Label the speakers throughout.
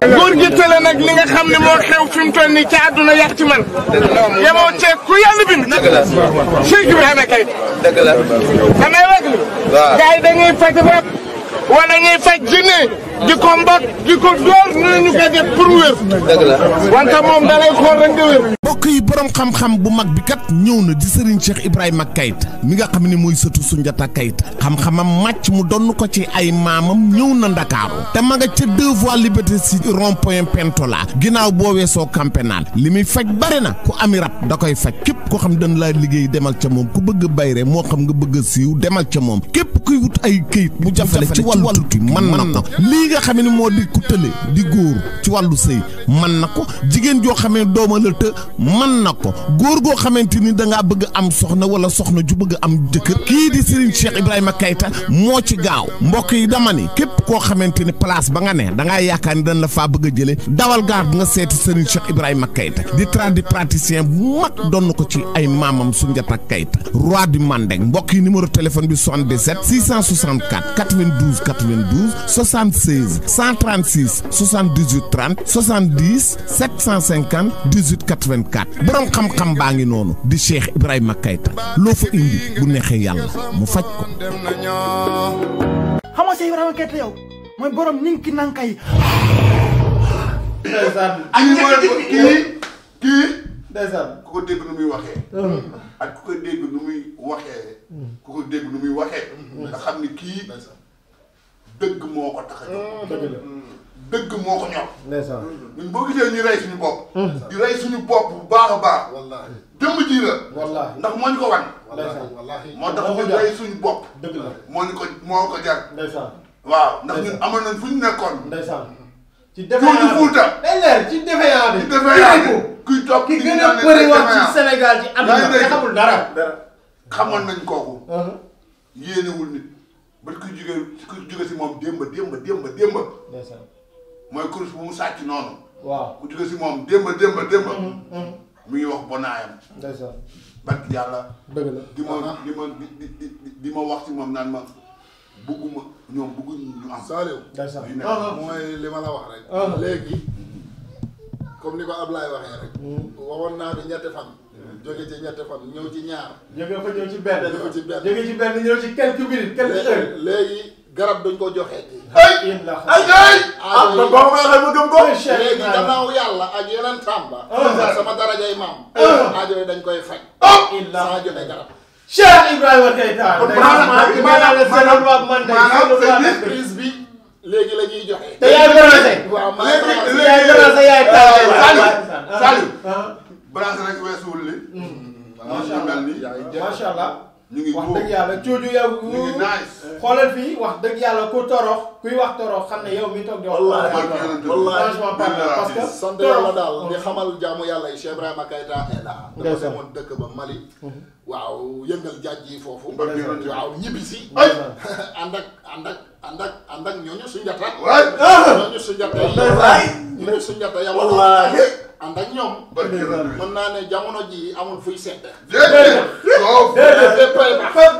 Speaker 1: góor gi tële nag li nga xam ne moo xew fi mu toll nii ci àdduna yàq ci man. yemoo ceeb ku yàlla bind. dëgg la Cheikh Ibrahima Keïta. dëgg la. damay wax ni. waaw gars
Speaker 2: yi dañuy faj rek. wala ñuy faj jinne di ko mbot di ko dóor ñu koy def pour wér. wante moom da lay xool wér.
Speaker 1: mbokk yi borom xam-xam bu mag bi kat ñëw na di Serigne Cheikh Ibrahima Keita mi nga xam ni mooy sëtu Soundiata Keita xam-xamam màcc mu donn ko ci ay maamam ñëw na Ndakaaru te ma nga ca deux voies liberté si rond point ginnaaw boo weesoo camp pénal li muy faj bare na ku ami rab da koy faj képp koo xam dañ laa liggéey demal ca moom ku bëgg bayre moo xam nga bëgg a siiw demal ca moom kuy wut ay këyit mu jafale ci wàllu tukki mën na ko ne moo di ku tële di góor ci wàllu sëy mën na ko jigéen joo xamee dooma la të mën na ko góor goo xamante ni dangaa bëgg am soxna wala soxna ju bëgg am jëkkër kii di Serigne Cheikh Ibrahima Keita moo ci gaaw mbokk yi dama ni képp koo xamante ni place ba nga ne dangaa yaakaar ni dañ la faa bëgg a jëlee dawal gaar nga seeti Serigne Cheikh Ibrahima Keita di tradipraticien bu mag doon ko ci ay maamam Soundiata Keita roi du Mandeng mbokk yi numéro téléphone bi 77 664 92 92 76 136 78 30 70 xam-xam baa ngi noonu di Cheikh Ibrahima Keita loo fa indi bu neexee yàlla mu faj ko.
Speaker 2: xam nga Ibrahima Keita yow mooy borom ninki nanka yi.
Speaker 1: ak ñebe kii
Speaker 2: kii. ndeysaan ku ko dégg nu muy waxee. Hmm. ak ku ko dégg nu muy waxee. Hmm. ku ko dégg nu muy waxee. Hmm. nga xam ni kii. dëgg moo ko tax a jóg. dëgg la dëgg moo ko ñor. ndeysaan ñun boo gisee ñu rey suñu bopp. di rey suñu bopp bu baax a baax. wallaahi jëmm ji la. wallaahi ndax moo ñu ko wan. wallaahi moo tax ñu rey suñu bopp. dëgg la moo ñu ko moo ko jar. ndeysaan waaw ndax ñun amoon nañ fu ñu nekkoon. ndeysaan ci défaillant bi Fouta. day leer ci défaillant bi. ci défaillant bi kuy topp ki gën a bëri wax ci Sénégal ci àdduna bi xamul dara. xamoon nañ kooku. Uh-huh. yéenewul nit ba ku jógee ku jógee si moom démb démb démb démb. mooy kurus bu mu sàcc noonu. waaw ku jógee si moom démb démb démb. Uh-huh, uh-huh. mu ngi wax bonaayam. ndeysaan. barki yàlla. dëgg la di ma di ma di di di ma wax si moom naan ma. bugguma ñoom bugguñ ñu am. Saliou. d' ah, ah. mooy li ma la wax rek. Ah. léegi comme ni ko Ablaye waxee rek. Mm-hmm. waxoon naa fi ñetti fan. jóge ci ñetti fan ñëw ci ñaar. jóge fa ñëw ci benn. ñëw ci benn jóge ci benn ñëw ci quelques minutes. quelques heures léegi garab dañ ko joxe. ay ay ay. ah kon boo ma waxee ma gëm ko. léegi gannaaw yàlla ak yeneen tàmba. sama darajay maam. aajo yi dañ koy faj. ah saa jotee garab. Cheikh Ibrahima Keita. kon maanaam maanaam maanaam maanaam seen prise bi léegi la ñuy joxe. te yaay branché. waaw léegi yaay branché yaay taal. Ah, Saliou ah, ah, Saliou branché rek weesuwul li. Hmm. macha allah macha allah. ñu ngi wax dëgg yàlla cooju yow. ñu ngi nice
Speaker 3: xoolal fii wax dëgg yàlla ku torox kuy wax torox xam ne yow mi toog di wax. wallaahi wallaahi parce que. sant yàlla daal di
Speaker 2: xamal jaamu yàlla yi Cheikh Ibrahima Keita et là. dafa demoon dëkk ba Mali. Mhm. waaw yëngal jaaj yi foofu. waaw ñibbi si. ay ànd ak ànd ak ànd ak ànd ak ñooñu su njata. waay ñooñu su njata yi. waay ñooñu su njata yi. ànd ak ñoom. mën naa ne jamono ji amul fuy sedd. déedéet déedéet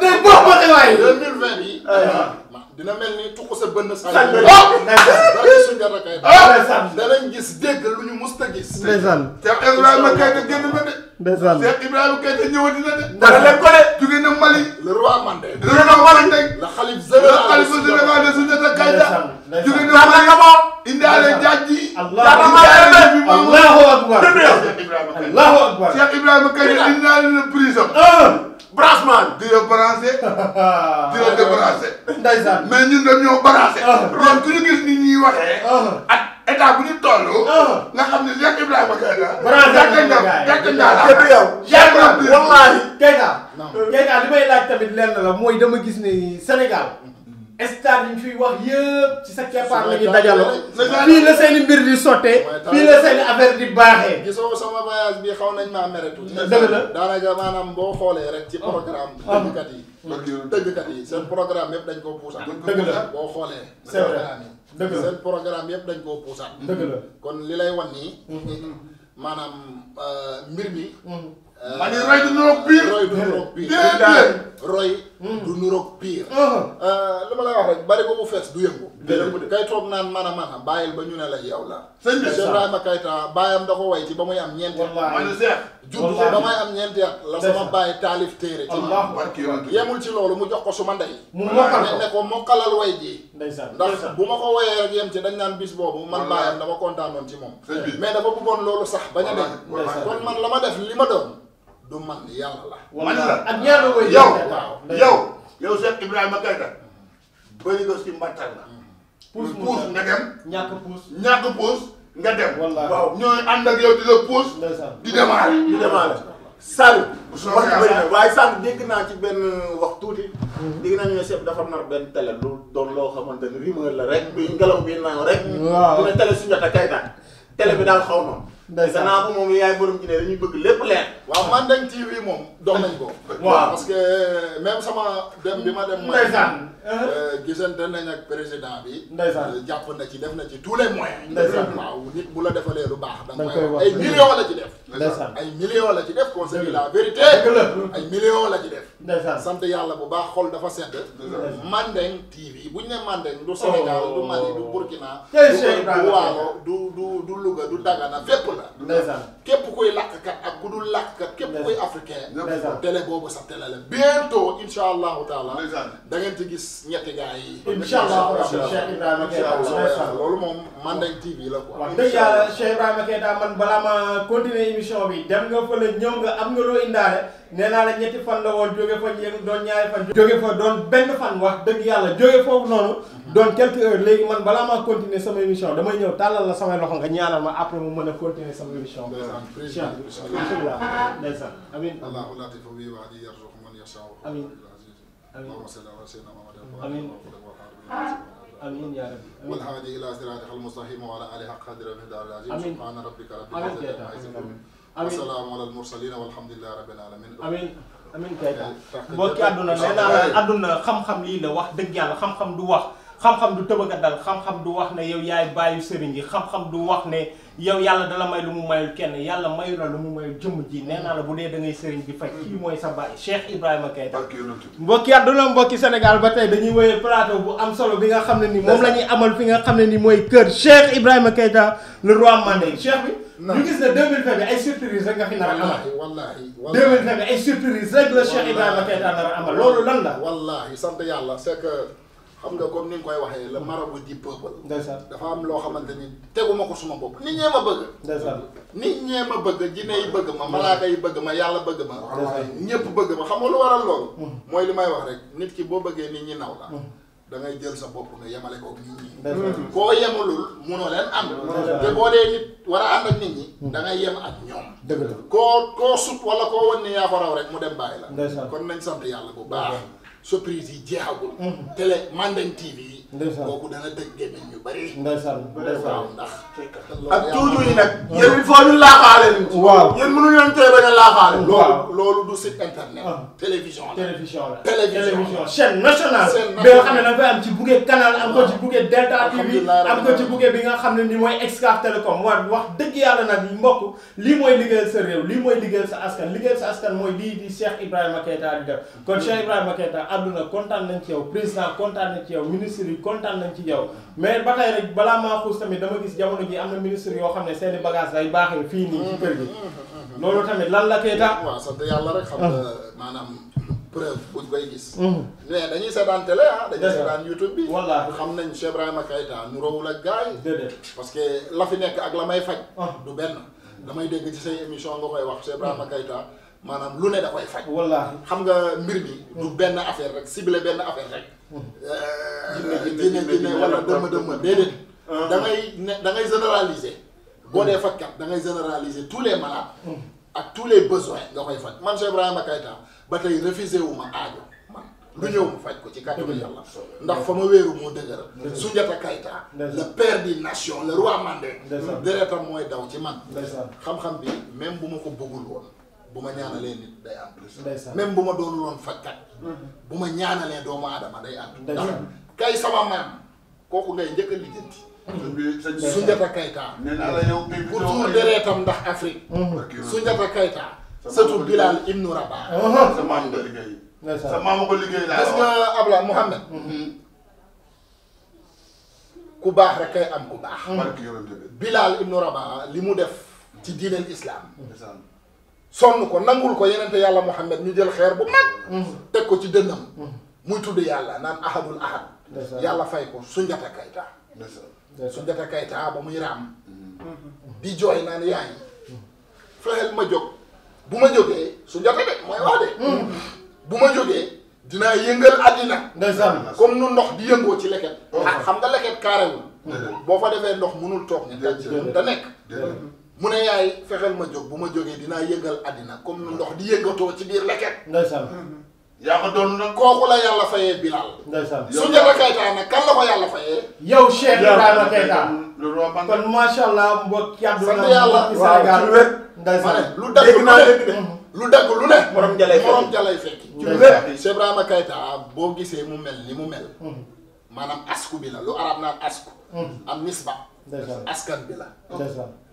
Speaker 2: déedéet boo ko waay. deux mille vingt bi. Ah, ah. dina mel ni tuq sa bënn ah! saa yi. danañ gis dégg lu ñu musta gis. ndeysaan. Cheikh Ibrahima Keita génn na de.
Speaker 1: ndeysaan Cheikh
Speaker 2: Ibrahima Keita ñëwati na de. dana leen ko de. jóge na Mali. le roi Mandé. le roi Mandé. la xalif général la xalif général de Soundiata Keita. jóge na Mali di la débarrassé. ndeysaan mais ah. ah. bu ñu toll. Ah. nga xam ne Cheikh Ibrahima
Speaker 3: Keita dama gis ni Sénégal.
Speaker 2: stade yi ñu fiy wax yëpp ci sa keppaar
Speaker 1: la ñuy dajaloo. fii la seen mbir
Speaker 3: di sottee. fii la seen i di baaxee.
Speaker 2: gisoo sama voyage bi xaw nañ maa mere tuuti. dëgg la daanaka boo xoolee rek. ci programme. dëggkat yi. ak yow yi seen programme yëpp dañ koo puusaat. dëgg la boo xoolee. c'est vrai seen programme yëpp dañ koo puusaat. dëgg kon li lay wan nii. Mm-hmm. maanaam euh, mbir mi. Mm-hmm. Euh, ma ne roy du nuroog pire roy du nuroog pire déedéet mm-hmm. euh, ma lay wax rek bari ko bu fees du yëngu. mais kay toog naan man a man a bàyyil ba ñu ne la yow la. sëñ bi Cheikh Ibrahima Keita bàyyam da ko way ci ba muy am ñeenti at. wallaahi juddu ko ba muy am ñeenti at la sama bàyyi taalif téere ci yemul ci loolu mu jox ko suma ndey. mu mokkal ko ne ko mokkalal way ji. ndax bu ma ko woyee rek yem ci dañ naan bis boobu man bàyyam dama kontaanoon ci moom. mais dafa bëggoon loolu sax bañ a dee. man la ma def li ma doon du man yàlla la. man la ak ñaar yow yow yow Cheikh Ibrahima Keita bëri nga si mbattal la puus puus nga dem. ñàkk puus ñàkk puus
Speaker 1: nga dem. waaw ñooy ànd ak yow di la puus. di démarrer di démarrer. Sall. su wax bëri na waaye Sall dégg naa ci benn uh, wax tuuti. Hmm. dégg naa ñu ne chef dafa nar benn télé lu doon loo xamante ni rumeur la rek. bi ngelaw bi naan rek. waaw mu ne télé Soundiata Keita télé bi daal xaw ma. ndeysaan naa ko moom yaay borom ji ne dañuy bëgg lépp leer.
Speaker 2: waaw Mandeng TV moom
Speaker 1: dox nañ ko. waaw parce
Speaker 2: que euh, même sama dem bi ma dem. ndeysaan euh, gisante nañ ak président bi. ndeysaan euh, jàpp na ci def na ci tous les moyens. ndeysaan waaw nit bu la defalee lu baax. da nga koy wax ay millions la ci def. ndeysaan ay millions la ci def qu'on se dit la vérité ay millions la ci def ndeysaan sant yàlla bu baax xol dafa sedd Mandeng TV bu ñu ne Mandeng du Sénégal du oh. Mali du Burkina du Waalo du Dagana fépp la ndeysaan képp kuy làkkat ak ku dul làkkat képp kuy africain télé boobu sax télé la bientôt insha allahu taala da ngeen ci gis ñetti gars yi insha allahu taala Cheikh Ibrahima Keita loolu moom Mandeng TV la quoi wax dëgg yàlla
Speaker 3: Cheikh Ibrahima Keita man balaa ma continuer émission bi dem nga fële ñëw nga am nga loo indaale nee naa la ñetti fan la woon jóge fa yéen doon ñaari fan. jóge fa doon benn fan wax dëgg yàlla jóge foofu noonu. doon quelques heures léegi man balaa maa continuer sama émission damay ñëw tàllal la samay loxo nga ñaanal ma après mu mën a continuer sama émission. incha allah ndeysaan
Speaker 2: amiin. allahu latifu bi wax di yarzuq man yashaa. amiin amiin amiin yaa rabbi والهادي إلى صراطك المستقيم وعلى آله حق قدره ومقداره العظيم سبحان ربك رب العزة عما يصفون salaamu alal mursaliin walhamdulillahi rabbil
Speaker 3: alamin amin
Speaker 2: amin kay mbokki àdduna nee naa la
Speaker 3: àdduna xam-xam lii la wax dëgg yàlla xam-xam du wax xam-xam du tëbaka dal xam-xam du wax ne yow yaay bàyyi sëriñ yi xam du wax ne yow yàlla dala may lu mu mayul kenn yàlla mayu lu mu mayul jëmm ji nee la bu dee da ngay sëriñ bi faj kii mooy sa bàyyi Cheikh Ibrahima Keita mbokki àdduna mbokki Sénégal ba tey dañuy wéyee plateau bu am solo bi nga xam ne ni moom la ñuy amal fi nga xam ne ni mooy kër Cheikh Ibrahima Keita le roi Mandé Cheikh bi ñu gis ne 2020 bi ay surprise rek nga fi nar a amal.
Speaker 2: wallaahi wallaahi 2020
Speaker 1: bi ay surprise rek la Cheikh Ibrahima Keita nar a amal loolu lan
Speaker 2: la. wallaahi sant yàlla c'est que xam nga comme ni nga koy waxee le marabout du peuple. ndeysaan dafa am loo xamante ni teguma ko suma bopp nit ñee ma bëgg. ndeysaan nit ñee ma bëgg jinne yi bëgg ma malaaka yi bëgg ma yàlla bëgg ma. wallaahi ñëpp bëgg ma xam nga lu waral loolu. mooy li may wax rek nit ki boo bëggee nit ñi naw la. da jël sa bopp nga yemale ko ak nit ñi. boo mm-hmm. yemalul munoo leen ànd. Mm-hmm. te koo dee nit war a ànd ak nit ñi. Mm-hmm. da ngay yem ak ñoom. dëgg la koo koo sut wala koo wan ne yaa ko rek mu dem bàyyi la. kon nañ sant yàlla bu baax. surprise yi jeexagul. Mhm. télé Mandeng TV yi. ndeysaan kooku dana tëj gémmiñ ñu bari. ndeysaan ndeysaan ndax. ak tuutu yi nag. yéen il faut ñu laaxaale ñu. waaw yéen mënuñu leen tee bañ a laaxaale. loolu loolu du site internet. Ah. télévision la télévision la. télévision chaîne nationale. chaîne nationale bi nga
Speaker 3: xam ne da nga am ci buggee canal am ko ci buggee Delta TV am ko ci buggee bi nga xam ne ni mooy Excaf Télécom war wax dëgg yàlla nag mbokk lii mooy liggéeyal sa réew lii mooy liggéeyal sa askan liggéeyal sa askan mooy lii di Cheikh Ibrahima Keita di def kon mm. Cheikh Ibrahima Keita àdduna kontaan nañ ci yow président kontaan nañ ci yow ministre yi kontaan nañ ci yow mais ba tey rek balaa maa xuus tamit dama gis jamono ji am na
Speaker 2: ministre yoo xam ne seeni bagage day baaxee fii nii ci kër gi
Speaker 3: loolu tamit lan la koy tax
Speaker 2: waaw sant yàlla rek xam nga maanaam preuve buñ koy gis hmm. mais dañuy seetaan télé ah dañuy seetaan YouTube bi xam nañ Cheikh Ibrahima Keïta nu roowul ak gars yi parce que la fi nekk ak la may faj ah. du benn damay dégg ci say émission nga koy wax Cheikh Ibrahima hmm. Keita maanaam lu ne da koy faj. wallaahi xam nga mbir mi. du hmm. benn affaire rek ciblé benn affaire rek. Hmm. Euh, jinne jinne wala généraliser. tous les malades. ak tous les besoins nga koy faj man Cheikh ba tey refusé wu ma lu ñëw mu faj ko ci kàttanu yàlla ndax fa ma wéeru moo dëgëral Soundiata Keita le père des nations le roi Mandé deretam mooy daw ci man xam-xam bi même bu ma ko bëggul woon bu ma ñaanalee nit day am plus même bu ma doonul woon fajkat bu ma ñaanalee doomu aadama day am ndax kay sama maam kooku ngay njëkk a lijjanti Soundiata Keita pour tuur deretam ndax Afrique Soundiata Keita sëtu Bilal Ibn Rabah sa maama ko liggéey laa gis nga Abla Mouhamed ku baax rek kay am ku baax Bilal ibnu Rabah li mu def ci diineel islaam sonn ko nangul ko yenente yàlla Mouhamed ñu jël xeer bu mag teg ko ci dënnam muy tudd yàlla naan ahadul ahad yàlla fay ko Sunjata Kayta Sunjata Kayta ba muy raam di jooy naan yaay fexeel ma jóg bu ma jógee Sunjata de mooy wax de bu ma jógee dinaa yëngal àddina. ndeysaan comme nu ndox di yëngoo ci leket. Oh. Ah, xam nga leket kaarewul. boo fa defee ndox munul toog. déedéet da nekk. mu ne yaay fexeel ma jóg bu ma jógee dinaa yëngal àddina comme nu ndox di yëngatoo ci biir leket. ndeysaan. Mm-hmm. yaa ko doon nag kooku la yàlla fayee Bilal. ndeysaan Soundiata Keita nag kan la ko yàlla fayee. yow Cheikh Ibrahima Keita. kon macha allah mbokk yàlla. sant yàlla waaw lu wér. ndeysaan lu dëgg naa dégg de. lu dagg lu ne. morom jalay fekk morom jalay fekk. ci lu ne Cheikh Ibrahima Keita ah, boo gisee mu mel ni mu mel. Mm-hmm. maanaam asku bi la lu arab naan asku. Mm-hmm. am nisba. askan bi la.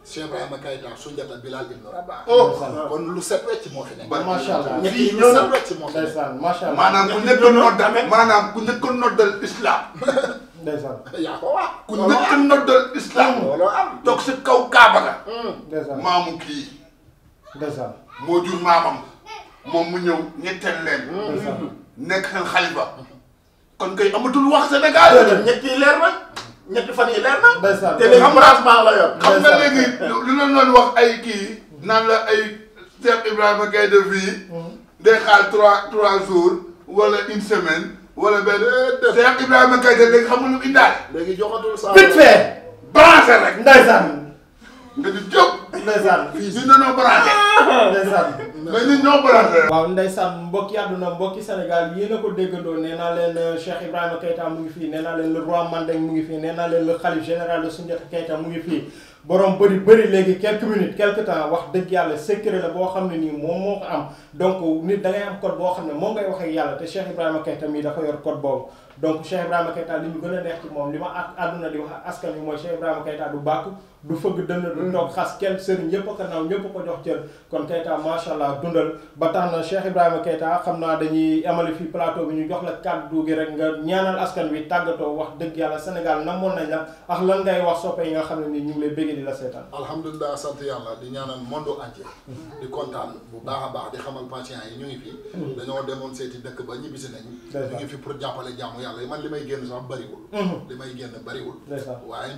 Speaker 2: Cheikh Ibrahima Keita Sunjata Bilal ibn Rabah. Oh. kon lu set wecc moo fi nekk. macha allah ñetti ñëw na ndeysaan macha allah maanaam ku njëkkoon noddal maanaam ku njëkkoon noddal islam. ndeysaan yaa ko wax. ku njëkkoon noddal islam. looloo am toog si kaw Kaaba la.
Speaker 1: Mm.
Speaker 2: maamu kii. ndeysaan moo jur maamam moom mu ñëw ñetteel leen. nekk xay xalifa kon kay amatul wax Sénégal. ñetti leer na ñetti fan yi leer na. ndeysaan te xam nga léegi lu la doon wax ay kii naan la ay Cheikh Ibrahima Guèye de fii. Hmm. day xaar trois trois jours wala une semaine wala benn. Cheikh Ibrahima Guèye de léegi xamul lu indaale. léegi joxatul saa. vite fait. branché nga di jóg. ndeysaan fii ñun ñoo branché ah! ndeysaan mais ñun ñoo
Speaker 3: branché waaw ndeysaan mbokki àdduna mbokki Sénégal yéen a ko déggandoo nee naa leen euh, Cheikh Ibrahima Keita mu ngi fii nee naa leen le roi Mandeng mu ngi fii nee naa leen général de Soundiata Keita mu fii borom bëri bëri léegi quelques minutes quelque temps wax dëgg yàlla secret la boo xam ne nii moom moo am donc nit da ngay am code boo xam ne moom ngay wax ak yàlla te Cheikh Ibrahima Keita mii dafa yor code boobu donc Cheikh Ibrahima Keita li mu gën a neex ci moom li ma àdduna di wax askan wi mooy Cheikh Ibrahima Keita du du fëgg dënn du toog xas kenn sëriñ yëpp a ko naaw ñëpp ko jox cër kon Keita macha allah dundal ba tax na Cheikh Ibrahima Keita xam naa dañuy amali fii plateau bi ñu jox la kàddu gi rek nga ñaanal askan wi tàggatoo wax dëgg yàlla na namoon nañ la ak lan ngay wax soppe yi nga xam ne ni ñu ngi lay bëgg di la
Speaker 2: seetaan alhamdulilah sant yàlla di ñaanal monde entier di kontaan bu baax a baax di xamal patients yi ñu ngi fi mm-hmm. dañoo demoon seeti dëkk ba ñibbisi nañ ñu ngi fi pour man li may génn sax bariwul mm-hmm.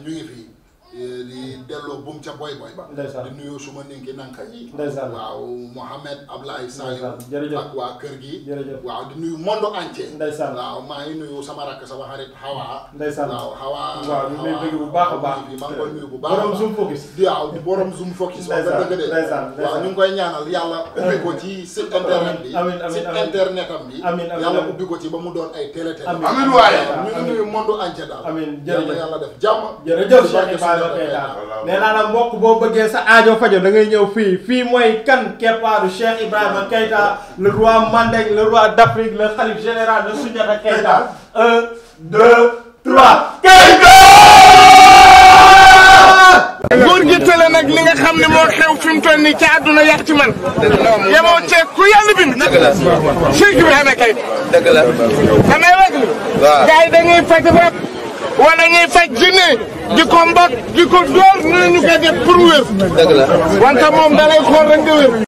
Speaker 2: li may li delloo buum ca boy boy ba. ndeysaan di nuyoo suma ninki nanka yi. ndeysaan waaw Mohamed Ablaye Saliou. jërëjëf ak waa kër gi. jërëjëf waaw di nuyu monde entier. ndeysaan waaw maa ngi nuyu sama rakk sama xarit Hawa. ndeysaan waaw Hawa. waaw ñu ngi lay bëgg bu baax a baax. maa ngi koy nuyu bu baax a baax borom zoom focus. waaw borom zoom focus. ndeysaan ndeysaan waaw ñu ngi koy ñaanal yàlla ubbi ko ci site internet bi. amiin amiin amiin site internet am bi. amiin amiin yàlla ubbi ko ci ba mu doon ay télé télé. amiin amiin waaye ñu ngi nuyu monde entier daal. amiin jërëjëf yàlla def jàmm. jërëjëf aajo tey daal nee naa
Speaker 3: la mbokk boo aajo fajo da ngay ñëw fii fii mooy kan keppaaru Cheikh Ibrahima Keita le roi Mandeng le roi d'Afrique le khalife général de Soundiata Keita un
Speaker 2: deux trois Keita góor gi tële nag li nga xam ne moo xew fi mu toll nii ci àdduna yàq ci man yemoo ceeb ku
Speaker 1: yàlla bind Cheikh Ibrahima Keita dëgg la xanaa wag li gars
Speaker 2: yi da ngay faj wala ñuy faj jinne di ko mbot di ko dóor ñu ne ñu koy def pour wér.
Speaker 1: dëgg la wante moom da lay